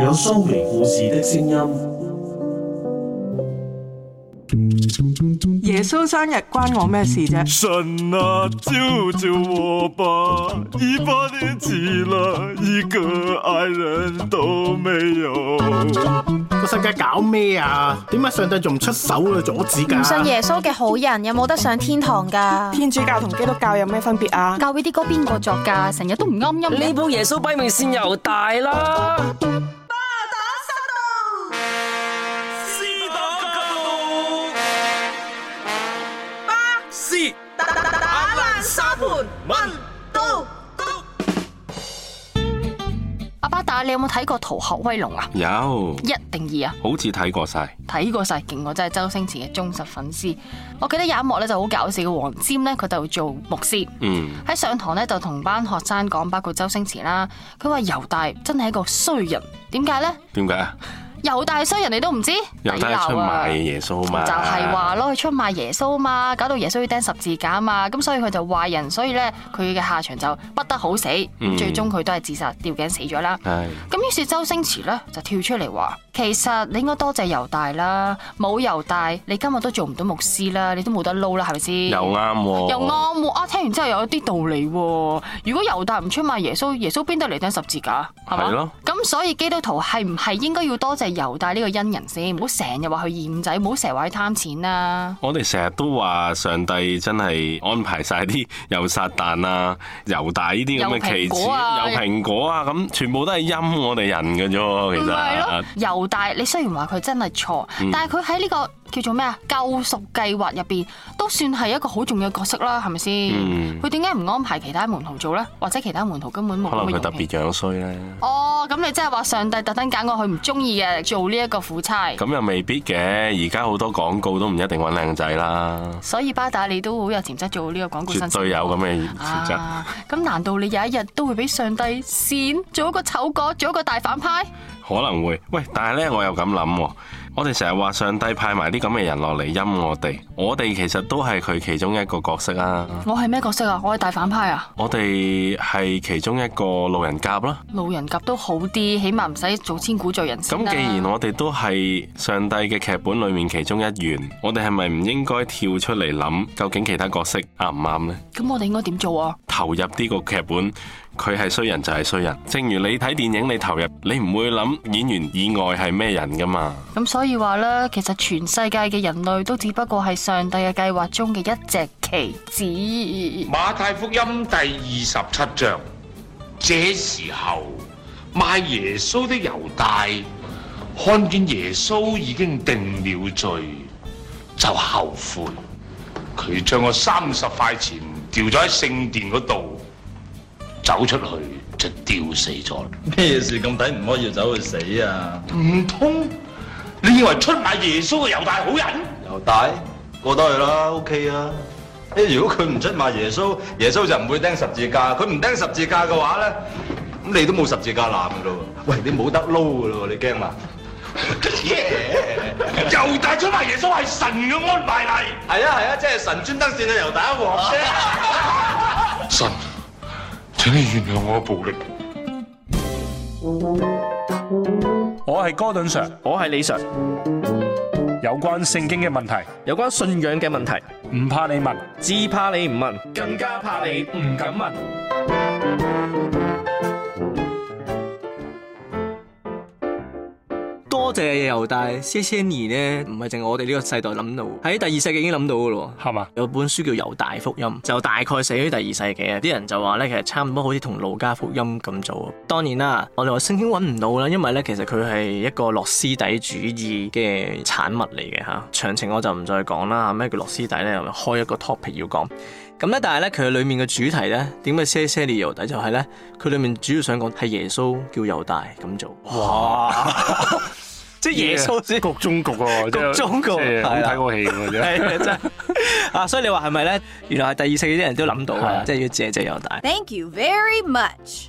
有收尾故事的聲音。耶穌生日關我咩事啫？神啊，照照我吧！依番天字啦，一個愛人都未有。個世界搞咩啊？點解上帝仲唔出手去阻止噶？唔信耶穌嘅好人有冇得上天堂噶？天主教同基督教有咩分別啊？教會啲歌邊個作噶？成日都唔啱音。呢本耶穌碑文先，又大啦。阿伯大，One, two, 爸爸你有冇睇過《逃學威龍》啊？有，一定二啊，好似睇過晒，睇過晒，勁我真係周星馳嘅忠實粉絲。我記得有一幕咧就好搞笑，黃霑呢，佢就做牧師，喺、嗯、上堂呢，就同班學生講，包括周星馳啦，佢話猶大真係一個衰人，點解呢？點解？猶大衰，人哋都唔知，猶大出賣耶穌嘛，就係話咯，佢出賣耶穌嘛，搞到耶穌要釘十字架啊嘛，咁所以佢就壞人，所以咧佢嘅下場就不得好死，嗯、最終佢都係自殺吊頸死咗啦。咁唉於是周星馳咧就跳出嚟話。其實你應該多謝猶大啦，冇猶大你今日都做唔到牧師啦，你都冇得撈啦，係咪先？又啱喎，又啱喎，啊聽完之後又有啲道理喎。如果猶大唔出賣耶穌，耶穌邊得嚟釘十字架？係咯。咁所以基督徒係唔係應該要多謝猶大呢個恩人先？唔好成日話佢嫌仔，唔好成日話佢貪錢啦。我哋成日都話上帝真係安排曬啲由撒旦啊、猶大呢啲咁嘅棋子，由蘋果啊、由蘋果啊，咁全部都係陰我哋人嘅啫，其實。但係你雖然話佢真係錯，嗯、但係佢喺呢個。叫做咩啊？救贖計劃入邊都算係一個好重要角色啦，係咪先？佢點解唔安排其他門徒做咧？或者其他門徒根本冇？可能佢特別樣衰咧。哦，咁你即係話上帝特登揀個佢唔中意嘅做呢一個苦差？咁又未必嘅。而家好多廣告都唔一定搵靚仔啦。所以巴打你都好有潛質做呢個廣告。絕對有咁嘅潛質。咁難道你有一日都會俾上帝選做一個丑角，做一個大反派？可能會。喂，但係咧，我又咁諗。我哋成日話上帝派埋啲咁嘅人落嚟，陰我哋。我哋其實都係佢其中一個角色啊。我係咩角色啊？我係大反派啊？我哋係其中一個路人甲啦。路人甲都好啲，起碼唔使做千古罪人先。咁既然我哋都係上帝嘅劇本裏面其中一員，我哋係咪唔應該跳出嚟諗究竟其他角色啱唔啱呢？咁我哋應該點做啊？投入呢個劇本。佢係衰人就係衰人，正如你睇電影，你投入，你唔會諗演員以外係咩人噶嘛。咁所以話咧，其實全世界嘅人類都只不過係上帝嘅計劃中嘅一隻棋子。馬太福音第二十七章，這時候賣耶穌的猶大看見耶穌已經定了罪，就後悔，佢將我三十塊錢掉咗喺聖殿嗰度。走出去就吊死咗啦！咩事咁睇唔開可以走去死啊？唔通你以為出賣耶穌嘅猶大好人？猶大過得去啦，OK 啊！誒，如果佢唔出賣耶穌，耶穌就唔會釘十字架。佢唔釘十字架嘅話咧，咁你都冇十字架纜噶咯？喂，你冇得撈噶咯？你驚嘛？耶！猶大出賣耶穌係神嘅安排嚟。係啊係啊，即係神專登選啊猶大做王。神。請你原諒我嘅暴力。我係哥頓 Sir，我係李 Sir。有關聖經嘅問題，有關信仰嘅問題，唔怕你問，只怕你唔問，更加怕你唔敢問。即係猶大，謝謝你呢唔係淨係我哋呢個世代諗到，喺第二世紀已經諗到噶咯，係嘛嗎？有本書叫《猶大福音》，就大概寫喺第二世紀啊！啲人就話呢，其實差唔多好似同《路加福音》咁做。當然啦，我哋話聖經揾唔到啦，因為呢其實佢係一個諾斯底主義嘅產物嚟嘅吓。詳、啊、情我就唔再講啦。咩叫諾斯底咧？我開一個 topic 要講。咁呢，但係呢，佢裏面嘅主題呢，點解謝謝你猶大就係呢，佢裏面主要想講係耶穌叫猶大咁做。哇 即耶穌先局中局喎，局中局係啦，睇過戲咁啊，真啊。所以你話係咪咧？原來係第二世啲人都諗到 即係要借，即猶大。Thank you very much。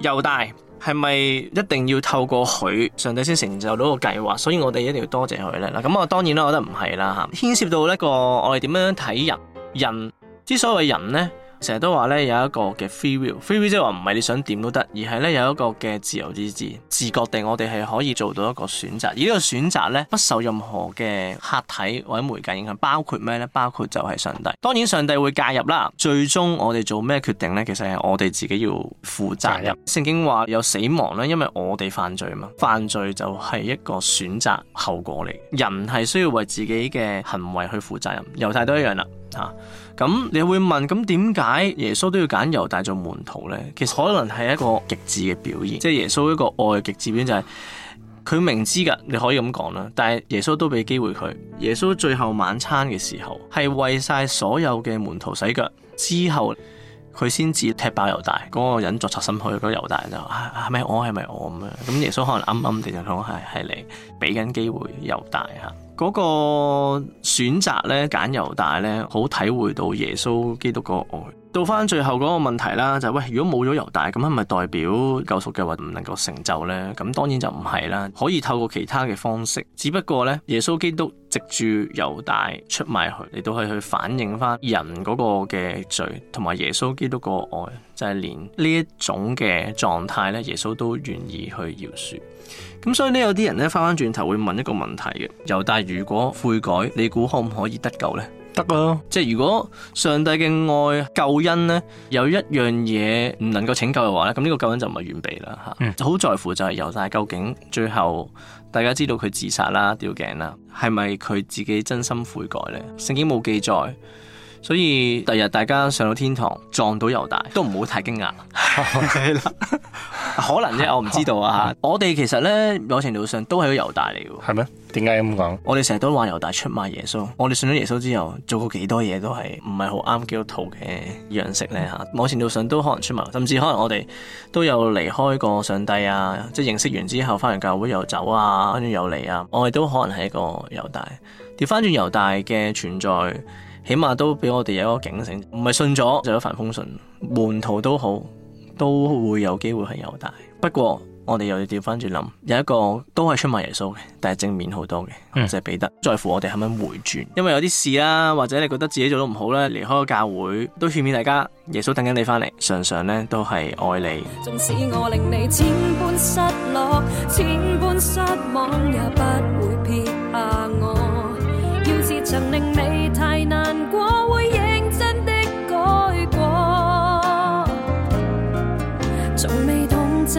猶大係咪一定要透過佢上帝先成就到個計劃？所以我哋一定要多謝佢咧。嗱，咁我當然啦，我覺得唔係啦吓，牽涉到呢個我哋點樣睇人。人，人，人之所以為人咧。成日都話咧，有一個嘅 free will，free will 即係話唔係你想點都得，而係咧，有一個嘅自由意志，自覺地我哋係可以做到一個選擇。而呢個選擇咧，不受任何嘅客體或者媒介影響，包括咩咧？包括就係上帝。當然上帝會介入啦。最終我哋做咩決定咧？其實係我哋自己要負責任。聖經話有死亡咧，因為我哋犯罪嘛。犯罪就係一個選擇後果嚟。人係需要為自己嘅行為去負責任。猶太都一樣啦。吓咁、啊、你會問，咁點解耶穌都要揀猶大做門徒呢？其實可能係一個極致嘅表現，即係耶穌一個愛極致表現就係、是、佢明知噶，你可以咁講啦。但係耶穌都俾機會佢。耶穌最後晚餐嘅時候係為晒所有嘅門徒洗腳之後，佢先至踢爆猶大嗰、那個人作賊心虛，嗰、那個猶大人就係係咪我係咪我咁樣？咁耶穌可能啱啱地就講，係係你俾緊機會猶大吓。嗰個選擇呢，揀猶大呢，好體會到耶穌基督嘅愛。做翻最後嗰個問題啦，就係、喂，如果冇咗猶大，咁係咪代表救贖計劃唔能夠成就呢？咁當然就唔係啦，可以透過其他嘅方式。只不過呢，耶穌基督藉住猶大出賣佢，你都係去反映翻人嗰個嘅罪，同埋耶穌基督個愛，就係、係、連呢一種嘅狀態呢，耶穌都願意去饒恕。咁所以呢，有啲人呢，翻返轉頭會問一個問題嘅：猶大如果悔改，你估可唔可以得救呢？得咯，即係如果上帝嘅愛救恩咧有一樣嘢唔能夠拯救嘅話咧，咁呢個救恩就唔係完備啦吓，好、嗯、在乎就係猶大，究竟最後大家知道佢自殺啦，吊頸啦，係咪佢自己真心悔改呢？聖經冇記載。所以第日大家上到天堂撞到猶大都唔好太驚訝， 可能啫，我唔知道啊！ 我哋其實呢某程度上都係個猶大嚟嘅，係咩？點解咁講？我哋成日都話猶大出賣耶穌，我哋信咗耶穌之後，做過幾多嘢都係唔係好啱基督徒嘅樣式呢？嚇？ 某程度上都可能出賣，甚至可能我哋都有離開過上帝啊！即係認識完之後，翻完教會又走啊，跟住又嚟啊，我哋都可能係一個猶大。調翻轉猶大嘅存在。起碼都俾我哋有一個警醒，唔係信咗就一帆風順，門徒都好都會有機會係有大。不過我哋又要調翻轉諗，有一個都係出賣耶穌嘅，但係正面好多嘅，就係彼得。在乎我哋係咪回轉，因為有啲事啦，或者你覺得自己做得唔好咧，離開個教會，都勸勉大家，耶穌等緊你翻嚟，常常咧都係愛你。縱使我令你千般失落，千般失望，也不會撇下我要是曾令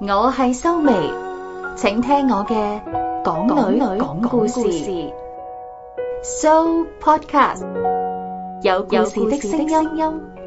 我係 So May，請聽我嘅港女港故事，So Podcast 有故事的聲音。